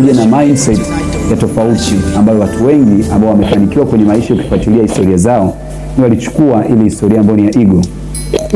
Pamoja na mindset ya tofauti ambayo watu wengi ambao wamefanikiwa kwenye maisha, ukifuatilia historia zao, ni walichukua ile historia ambayo ni ya ego.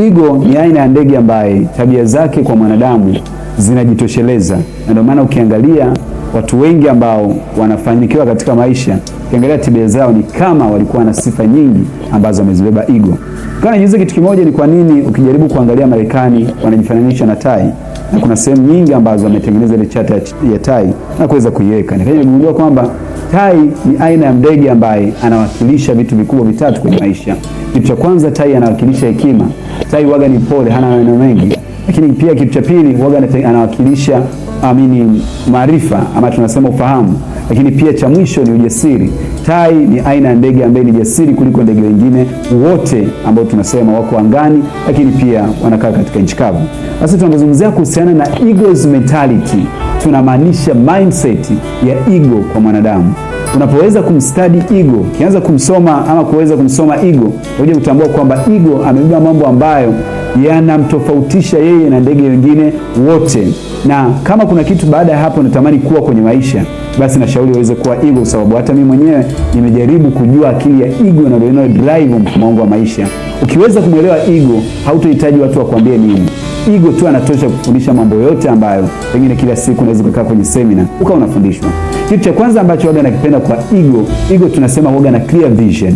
Ego ni aina ya ndege ambaye tabia zake kwa mwanadamu zinajitosheleza, na ndio maana ukiangalia watu wengi ambao wanafanikiwa katika maisha, ukiangalia tabia zao ni kama walikuwa na sifa nyingi ambazo wamezibeba ego. Kana jiuze kitu kimoja ni kwa nini ukijaribu kuangalia Marekani wanajifananisha na tai na kuna sehemu nyingi ambazo ametengeneza ile chata ya tai na kuweza kuiweka. Nikaja kugundua kwamba tai ni aina ya ndege ambaye anawakilisha vitu vikubwa vitatu kwenye maisha. Kitu cha kwanza, tai anawakilisha hekima. Tai waga ni pole, hana maneno mengi, lakini pia kitu cha pili, waga anawakilisha amini maarifa ama tunasema ufahamu, lakini pia cha mwisho ni ujasiri. Tai ni aina ya ndege ambaye ni jasiri kuliko ndege wengine wote ambao tunasema wako angani, lakini pia wanakaa katika nchi kavu. Sasa tunapozungumzia kuhusiana na eagles mentality, tunamaanisha mindset ya ego kwa mwanadamu. Unapoweza kumstadi ego, ukianza kumsoma ama kuweza kumsoma ego, utakuja kutambua kwamba ego amebeba mambo ambayo yanamtofautisha yeye na ndege wengine wote. Na kama kuna kitu baada ya hapo natamani kuwa kwenye maisha, basi nashauri waweze kuwa eagle, sababu hata mimi mwenyewe nimejaribu kujua akili ya eagle na ndio drive mwangu wa maisha. Ukiweza kumwelewa eagle, hautohitaji watu wakwambie nini. Eagle tu anatosha kufundisha mambo yote ambayo pengine kila siku unaweza kukaa kwenye semina ukawa unafundishwa. Kitu cha kwanza ambacho waga nakipenda kwa eagle, eagle tunasema waga na clear vision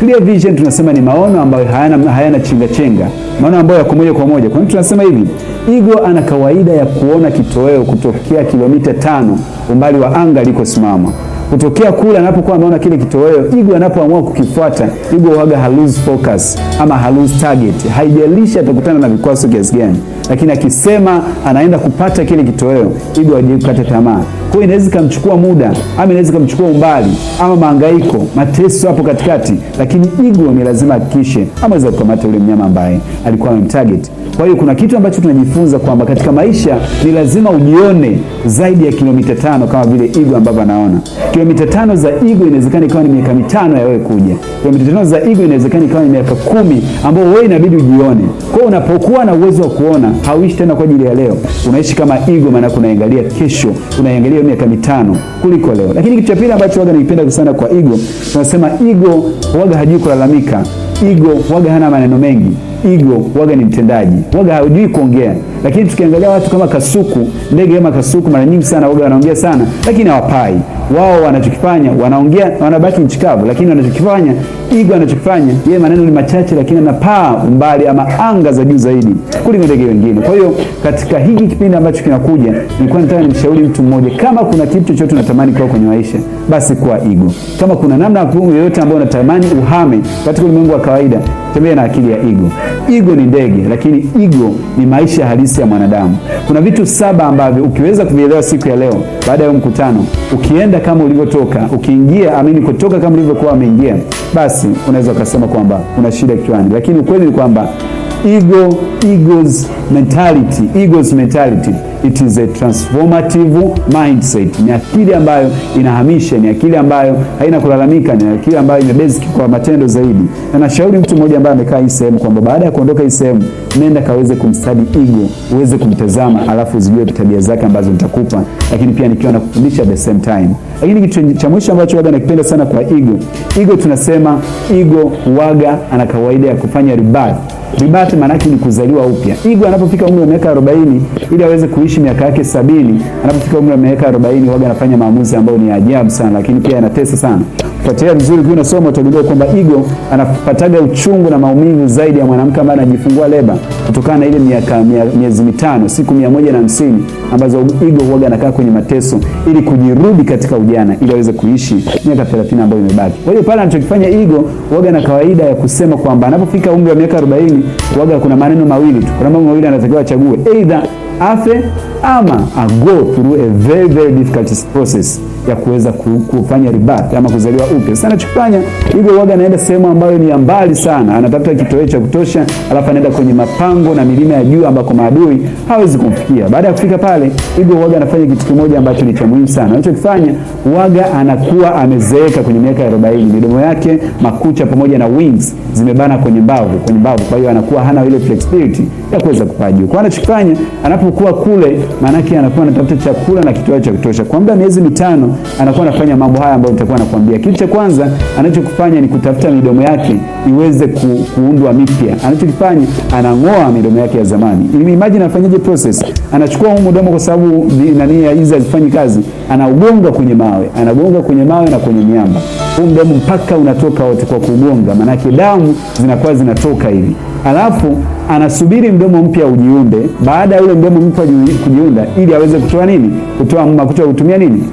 Clear vision tunasema ni maono ambayo hayana, hayana chenga chenga, maono ambayo yako moja kwa moja. Kwa nini tunasema hivi? igo ana kawaida ya kuona kitoweo kutokea kilomita tano umbali wa anga liko simama kutokea kule anapokuwa ameona kile kitoweo, Igo anapoamua kukifuata, Igo waga halose focus ama halose target. Haijalishi atakutana na vikwazo kiasi gani, lakini akisema anaenda kupata kile kitoweo, Igo aje kukata tamaa. Kwa hiyo inaweza ikamchukua muda ama inaweza ikamchukua umbali ama mahangaiko, mateso hapo katikati, lakini Igo ni lazima ama ameweza kukamata yule mnyama ambaye alikuwa amemtarget. Kwa hiyo kuna kitu ambacho tunajifunza kwamba katika maisha ni lazima ujione zaidi ya kilomita tano kama vile Igo ambavyo anaona. Kilomita tano za Igo inawezekana ikawa ni miaka mitano ya wewe kuja. Kilomita tano za Igo inawezekana ikawa ni miaka kumi ambao wewe inabidi ujione. Kwa hiyo unapokuwa na uwezo wa kuona, hauishi tena kwa ajili ya leo. Unaishi kama Igo maanake unaangalia kesho, unaangalia miaka mitano kuliko leo. Lakini kitu cha pili ambacho waga nikipenda sana kwa Igo, tunasema Igo waga hajui kulalamika. Igo waga hana maneno mengi ego waga ni mtendaji, waga hajui kuongea. Lakini tukiangalia watu kama Kasuku, ndege kama Kasuku mara nyingi sana woga wanaongea sana, lakini hawapai. Wao wanachokifanya wanaongea, wanabaki mchikavu, lakini wanachokifanya igo, anachokifanya yeye, maneno ni machache, lakini anapaa umbali ama anga za juu zaidi kuliko ndege wengine. Kwa hiyo katika hiki kipindi ambacho kinakuja, nilikuwa nataka nimshauri mtu mmoja, kama kuna kitu chochote unatamani kuwa kwenye maisha, basi kuwa igo. Kama kuna namna yoyote ambayo unatamani uhame katika ulimwengu wa kawaida, tembea na akili ya igo. Igo ni ndege, lakini igo ni maisha halisi jinsi ya mwanadamu. Kuna vitu saba ambavyo ukiweza kuvielewa siku ya leo, baada ya mkutano, ukienda kama ulivyotoka, ukiingia amini, kutoka kama ulivyokuwa umeingia, basi unaweza ukasema kwamba una shida kichwani, lakini ukweli ni kwamba ego egos mentality, egos mentality. It is a transformative mindset. Ni akili ambayo inahamisha, ni akili ambayo haina kulalamika, ni akili ambayo imebasic kwa matendo zaidi. Na nashauri mtu mmoja ambaye amekaa hii sehemu kwamba baada ya kuondoka hii sehemu, nenda kaweze kumstadi ego, uweze kumtazama, alafu uzijue tabia zake ambazo nitakupa, lakini pia nikiwa nakufundisha the same time. Lakini kitu cha mwisho ambacho waga nakipenda sana kwa ego, ego tunasema ego waga ana kawaida ya kufanya rebirth Rebirth maana ni kuzaliwa upya. Igwe anapofika umri wa miaka 40 ili aweze kuishi miaka yake sabini, anapofika umri wa miaka 40 waga anafanya maamuzi ambayo ni ajabu sana, lakini pia yanatesa sana. Fuatilia vizuri, kuna somo utagundua kwamba Igo anapataga uchungu na maumivu zaidi ya mwanamke ambaye anajifungua leba kutokana na ile miaka miezi mitano siku mia moja na hamsini ambazo Igo huaga anakaa kwenye mateso ili kujirudi katika ujana ili aweze kuishi miaka 30 ambayo imebaki. Kwa hiyo pale anachokifanya Igo huaga na kawaida ya kusema kwamba anapofika umri wa miaka 40 huaga kuna maneno mawili tu, kuna mambo mawili anatakiwa achague, aidha afe ama ago through a very very difficult process ya kuweza kufanya rebirth ama kuzaliwa upya. Sasa anachofanya hivyo, waga anaenda sehemu ambayo ni mbali sana, anatafuta kitoweo cha kutosha, alafu anaenda kwenye mapango na milima ya juu ambako maadui hawezi kumfikia. Baada ya kufika pale, hivyo waga anafanya kitu kimoja ambacho ni cha muhimu sana. Anachokifanya waga, anakuwa amezeeka kwenye miaka ya 40, midomo yake, makucha pamoja na wings zimebana kwenye mbavu, kwenye mbavu. Kwa hiyo anakuwa hana ile flexibility ya kuweza kupaa juu. Kwa anachokifanya anapo anapokuwa kule, maanake anakuwa anatafuta chakula na kitu cha kutosha. Kwa muda miezi mitano anakuwa anafanya mambo haya ambayo nitakuwa nakwambia. Kitu cha kwanza anachokifanya ni kutafuta midomo yake iweze ku, kuundwa mipya. Anachokifanya anang'oa midomo yake ya zamani. Imagine afanyaje process? Anachukua huu mdomo kwa sababu nani hizi hazifanyi kazi, anaugonga kwenye mawe, anagonga kwenye mawe na kwenye miamba, huu mdomo mpaka unatoka wote kwa kugonga, maanake damu zinakuwa zinatoka hivi alafu anasubiri mdomo mpya ujiunde. Baada ya ule mdomo mpya kujiunda, ili aweze kutoa nini, kutoa mafuta, utumia nini,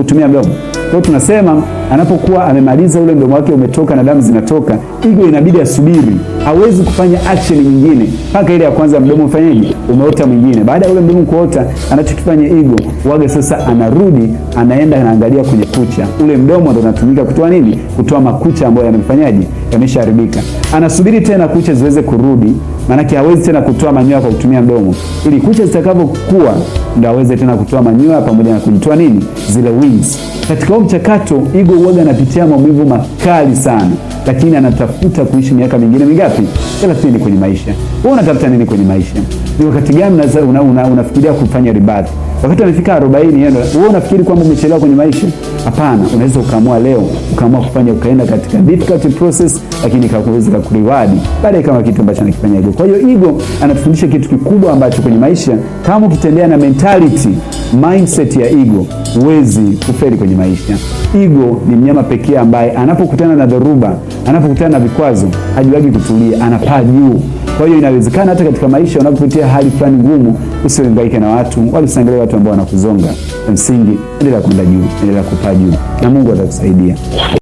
utumia mdomo. Kwa tunasema anapokuwa amemaliza ule mdomo wake umetoka na damu zinatoka, figo inabidi asubiri, hawezi kufanya action nyingine mpaka ile ya kwanza mdomo ufanyeje, umeota mwingine. Baada ya ule mdomo kuota, anachokifanya igo wage sasa, anarudi anaenda anaangalia kwenye kucha. Ule mdomo ndo unatumika kutoa nini, kutoa makucha ambayo yamfanyaje, yameshaharibika. Anasubiri tena kucha ziweze kurudi, maanake hawezi tena kutoa manyoya kwa kutumia mdomo, ili kucha zitakapokuwa ndo aweze tena kutoa manyoya pamoja na kujitoa nini, zile wings. Katika huo mchakato Igo uoga anapitia maumivu makali sana, lakini anatafuta kuishi miaka mingine mingapi? 30 kwenye maisha. Wewe unatafuta nini kwenye maisha? Ni wakati gani unafikiria una, una, una kufanya ribadhi Wakati amefika arobaini, wewe unafikiri kwamba umechelewa kwenye maisha? Hapana, unaweza ukaamua leo, ukaamua kufanya, ukaenda katika difficult process, lakini ikakuweza kukuriwadi baadaye kama kitu ambacho anakifanya ego. Kwa hiyo ego anatufundisha kitu kikubwa ambacho kwenye maisha, kama ukitembea na mentality mindset ya ego, huwezi kufeli kwenye maisha. Ego ni mnyama pekee ambaye anapokutana na dhoruba, anapokutana na vikwazo, hajuagi kutulia, anapaa juu. Kwa hiyo inawezekana hata katika maisha unapopitia hali fulani ngumu, usihangaike na watu wala usiangalie watu ambao wanakuzonga. Msingi endelea kwenda juu, endelea kupaa juu, na Mungu atakusaidia.